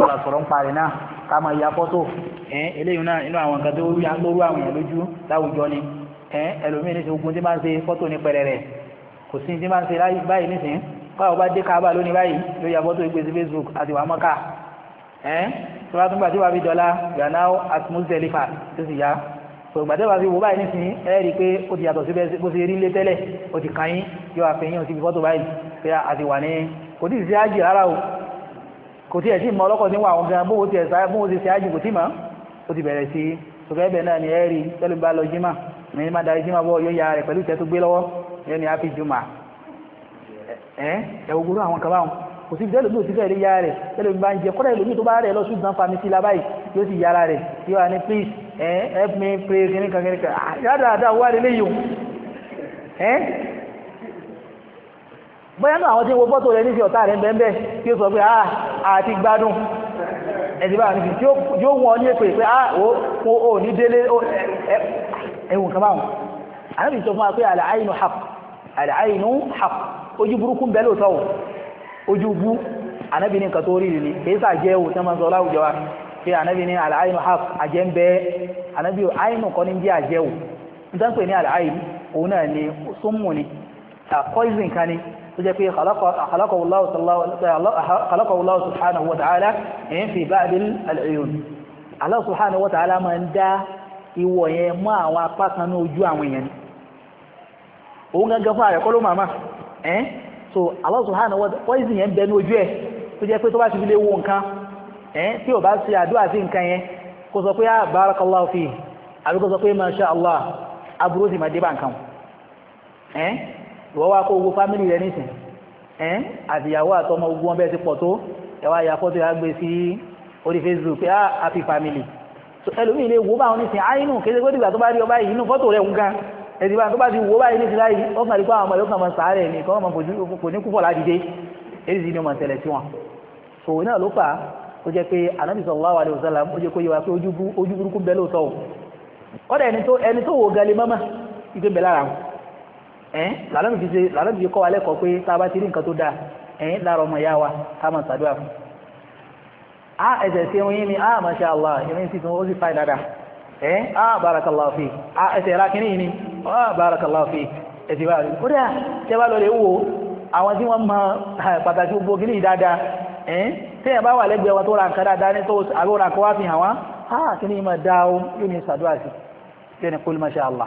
ìwà sọ̀rọ̀ ń parẹ̀ náà ká máa ya fọ́tò ẹ̀ eléyìí náà inú àwọn nǹkan tó rí lóru àwọn èèyàn lójú láwùjọ ni ẹ̀ ẹlòmíín ní ti ogun tí máa ń ṣe fọ́tò ní pẹrẹrẹ kò sí tí máa ń ṣe báyìí nísìn báwo bá dé káàbà lónìí báyìí ló ya fọ́tò ìgbé sí Facebook àti wàá mọ́kà ẹ̀ tí wàá tún gbà tí wàá fi dọ́là you are now at Muzdalifa tó sì ya sọ̀gbàdẹ́wà fi wò báyìí nísìnyí ẹ rí i pé ó ti yàtọ̀ síbẹ̀ bó ṣe rí ilé tẹ́lẹ̀ ó ti kàn yín yóò àfẹ́yìn ó ti fi fọ́tò báyìí pé àti wà ní kò tí ì sí ájì rárá o kò tí ẹ̀ tí mọ ọlọ́kọ̀ níwà àwọn gan bóhùn ti ẹ̀ sáyé bóhùn ti ṣe ájì kò tí mọ́ ó ti bẹ̀rẹ̀ sí ṣùgbẹ́bẹ̀ náà ni ẹ rí pẹ̀lú bá lọ jímà ní má darí jímà bọ́ yóò ya rẹ̀ pẹ̀lú ìtẹ́ tó gbé lọ́wọ́ yóò ní ápì jùmà ẹ ẹ ogoro àwọn kan báwọn kò sí ìdẹ́lómi ò ti fẹ́ rí ya rẹ̀ pẹ̀lú bá ń jẹ kọ́dà help me pray kìnnìkan kìnnìkan ah, yàrá dáadáa wà lélẹ́yìn ẹ bóyá àwọn tí wo fọ́tò rẹ̀ nífi ọ̀tá rẹ̀ bẹ́ẹ̀ kí ó sọ pé ah àti gbádùn ẹ̀dìbà nífi tí ó wọ́n ní èpè pé ah o ò ní délé ẹ̀wùn kan báwọn ànábì sọ fún wa pé jẹ́ ń bẹ ànábì àyínú kan ní jẹ́ àjẹ́ o ní àlàáyínú òun náà ni súnmù ni poison kan ni tó jẹ́ pé khalaqallahu subhanahu wa ta'ala in eh, fi ba'd al-uyun Allah subhanahu wa ta'ala máa ń dá ìwọ̀ yẹn mọ́ àwọn apá ojú àwọn èèyàn ni eh, so Allah subhanahu wa ta'ala poison yẹn bẹ ní ojú ẹ̀ tó jẹ́ pé tó bá ti fi lé wo nǹkan ẹ́n eh, tí ò bá ṣe àdúrà sí nǹkan yẹn kó sọ pé ah barakallahu fi àbí kó sọ pé masha Allah aburú sì máa dé bá nǹkan ìwọ́ wá kó gbogbo fámìlì rẹ nìsín ẹ́n àtìyàwó àtọmọ ogun wọn bẹ́ẹ̀ ti pọ̀ tó ẹwà ya fọ́tò ya gbé sí orí Facebook pé ah, happy family so ẹlòmíì lè wo báwọn nìsín àìnù kéde pé dìgbà tó bá rí ọba yìí inú fọ́tò rẹ̀ ń gan ẹ̀sìn bá tó bá ti wo báyìí nìsín láyìí ó kàn rí pé àwọn ọmọ yóò kàn máa sàárẹ̀ ní kọ́ máa kò ní kúfọ̀ ládìde èyí sì ni ọmọ ìṣẹ̀lẹ̀ sí wọn so náà ló fà á ó jẹ́ pé Ànábì sallallahu alaihi wasallam ó jẹ́ kó yẹ wa pé ojú burúkú bẹ́ẹ̀ lóòótọ́ o kọ́dà ẹni tó wò galè mọ́mọ́ ìgbé bẹ́ẹ̀ lára wọn ẹ́n làlọ́mù fi ṣe làlọ́mù fi kọ́ wa lẹ́kọ̀ọ́ pé tá a bá ti rí nǹkan tó dáa ẹ́n lára ọmọ ìyá wa ká máa ṣàdúrà fún. a ẹsẹ̀ ṣe wọn yín ni a masha Allah ìrìn sì tún ó sì fáì dáadáa ẹ́n a barakallahu fi a ẹsẹ̀ ra kínní ni a barakallahu fi ẹsẹ̀ wa rí. kódà tẹ́ bá lọ́ọ́ lè wo àwọn tí wọ́n mọ pàtàkì gbogbo kínní dáadáa ẹ́n tẹ́yìn bá wà lẹ́gbẹ̀ẹ́ wọn tó ra nǹkan dáadáa ní tó àbí ó ra nǹkan wá fi hàn wá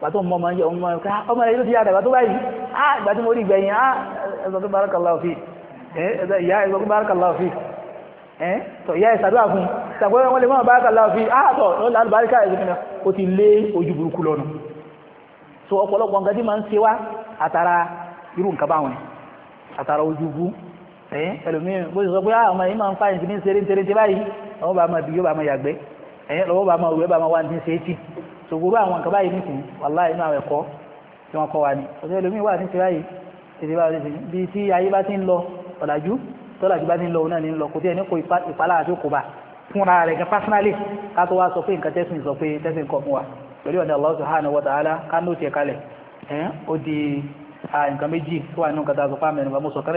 pàtó mọ́ ọmọ ọmọ ẹ̀yọ́ ah, ti yàdàgbà tó báyìí ah ìgbà tí mo rí ìgbẹ̀yìn ah ẹ̀sọ̀ tó barakallahu fi ìyá ẹ̀sọ̀ tó barakallahu fi tọ̀ ìyá ìsàdúrà fún ìsàgbọ́n wọn lè mọ́ barakallahu fi ah tọ̀ lálùbáríkà ẹ̀sọ̀ kan ó ti lé so ọ̀pọ̀lọpọ̀ nǹkan tí máa ń ṣe wá àtàrà irú nǹkan báwọn àtàrà ojú bú ẹlòmíràn bó ti sọ pé àwọn ah, yìí máa ń fáyìn sí ní ṣeré ṣògbórú àwọn nǹkan báyìí nìsín wàlá inú àwọn ẹ̀kọ́ tí wọ́n kọ́ wa ni ọ̀sẹ̀ ẹlòmíì wà ní ti báyìí tètè bá tètè bí tí ayé bá ti ń lọ ọ̀làjú tọ́làjú bá ti ń lọ òun náà ní ń lọ kò tí ẹni kò ìpalára tó kò bá fúnra rẹ̀ gan pásínálì ká wá sọ pé nǹkan tẹ́sìn sọ pé tẹ́sìn kọ̀ fún wa pẹ̀lú ọ̀dà Allah subhanahu wa ta'ala ká ní òtí ẹ̀ kalẹ̀ ó di nǹkan méjì tó wà nínú nǹkan tá a sọ fáwọn